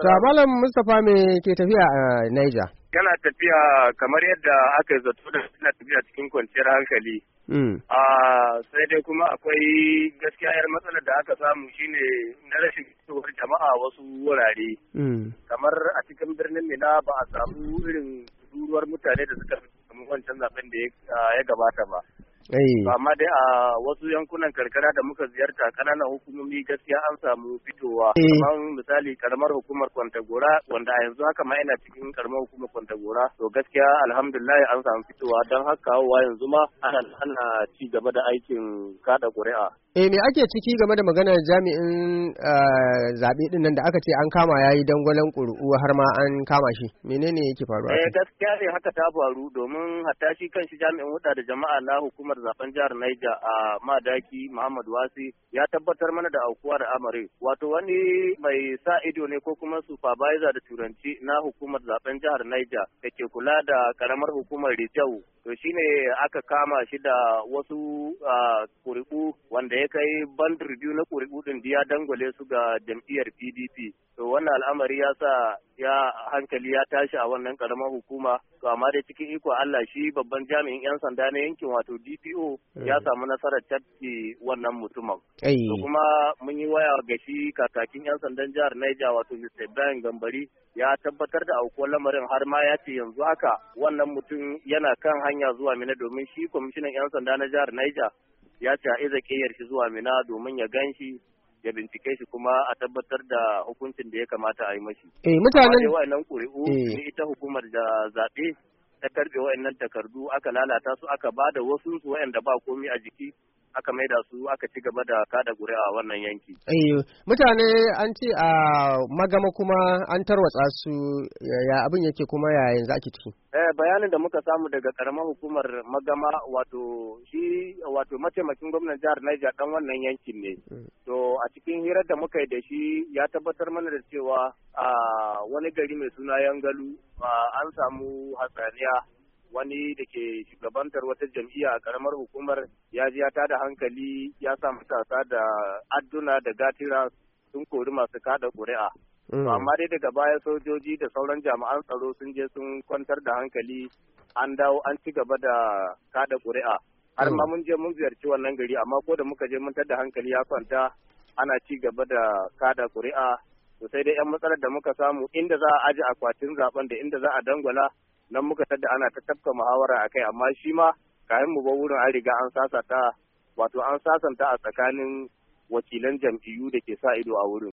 Ta Mustapha me ke tafiya a Niger? Yana tafiya kamar yadda aka zato da suna tafiya cikin kwanciyar hankali. Hmm. sai dai kuma akwai gaskiya yar matsalar da aka samu shine na rashin fitowar jama'a wasu wurare. Hmm. Kamar a cikin birnin Mina ba a samu irin ruruwar mutane da suka fi wancan zaben da ya gabata ba. Eh. amma dai a wasu yankunan karkara da muka ziyarta kananan hukumomi gaskiya an samu fitowa eh. kamar misali karamar hukumar kwantagora wanda a yanzu haka ma yana cikin karamar hukumar kwantagora to gaskiya alhamdulillah an samu fitowa don haka wa yanzu ma ana ci gaba da aikin kada ƙuri'a eh me ake ciki game da maganar jami'in ah, zaɓe din nan da aka ce an kama ya yi dangwalen ƙuri'u har ma an kama shi menene yake faruwa eh gaskiya ne haka ta faru domin hatta shi kan shi jami'in wuta da jama'a na hukumar hukumar zaben jihar Niger a Madaki Muhammad Wasi ya tabbatar mana da aukuwar amare wato wani mai sa ido ne ko kuma supervisor da turanci na hukumar zaben jihar Niger da ke kula da karamar hukumar Rijau to shine aka kama shi da wasu kuri'u wanda ya kai band review na kuri'u din ya dangwale su ga jam'iyyar PDP to wannan al'amari ya sa ya hankali ya tashi a wannan karamar hukuma to amma dai cikin iko Allah shi babban jami'in yan sanda na yankin wato DPO eh. ya samu nasarar tafki wannan mutumin to kuma mun yi waya ga shi kakakin yan sandan jihar Niger wato Mr. Ibrahim Gambari ya tabbatar da aukuwar lamarin har ma ya ce yanzu haka wannan mutum yana kan hanya zuwa Mina domin shi kwamishinan yan sanda na jihar Niger ya ce a iza shi zuwa Mina domin ya ganshi. ya bincike shi kuma a tabbatar da hukuncin da ya kamata a yi mashi. Eh mutanen wa'annan ƙuri'u eh. ne ita hukumar da zaɓe ta karɓe wa'annan takardu aka lalata su aka ba da wasu wa'anda ba komi a jiki aka maida su aka ci gaba da kada guri a wannan yanki. Eh mutane an ce a magama kuma an tarwatsa su ya abin yake kuma ya yanzu ake ciki. Eh bayanin da muka samu daga karamar hukumar magama wato shi wato mataimakin gwamnan jihar Niger dan wannan yankin ne. Mm. To a cikin hirar da muka yi da shi ya tabbatar mana da cewa a wani gari mai suna Yangalu an samu hasaniya. wani da ke shugabantar wata jam'iyya a karamar hukumar ya ji ya tada hankali ya sa matasa da adduna da gatira sun kori masu kada ƙuri'a. Mm. amma dai daga baya sojoji da sauran jami'an tsaro sun je sun kwantar da hankali an dawo an ci gaba da kada ƙuri'a. har ma mm. mun je mun ziyarci wannan gari amma ko da muka je mun da hankali ya kwanta ana ci gaba da kada ƙuri'a sosai sai dai 'yan matsalar da muka samu inda za a aji akwatin zaben da inda za a dangwala nan muka sadda ana ta tafka muhawara kai, amma shi ma kayan mu ba wurin an riga an sasanta wato an sasanta a tsakanin wakilan jam'iyyu da ke sa ido a wurin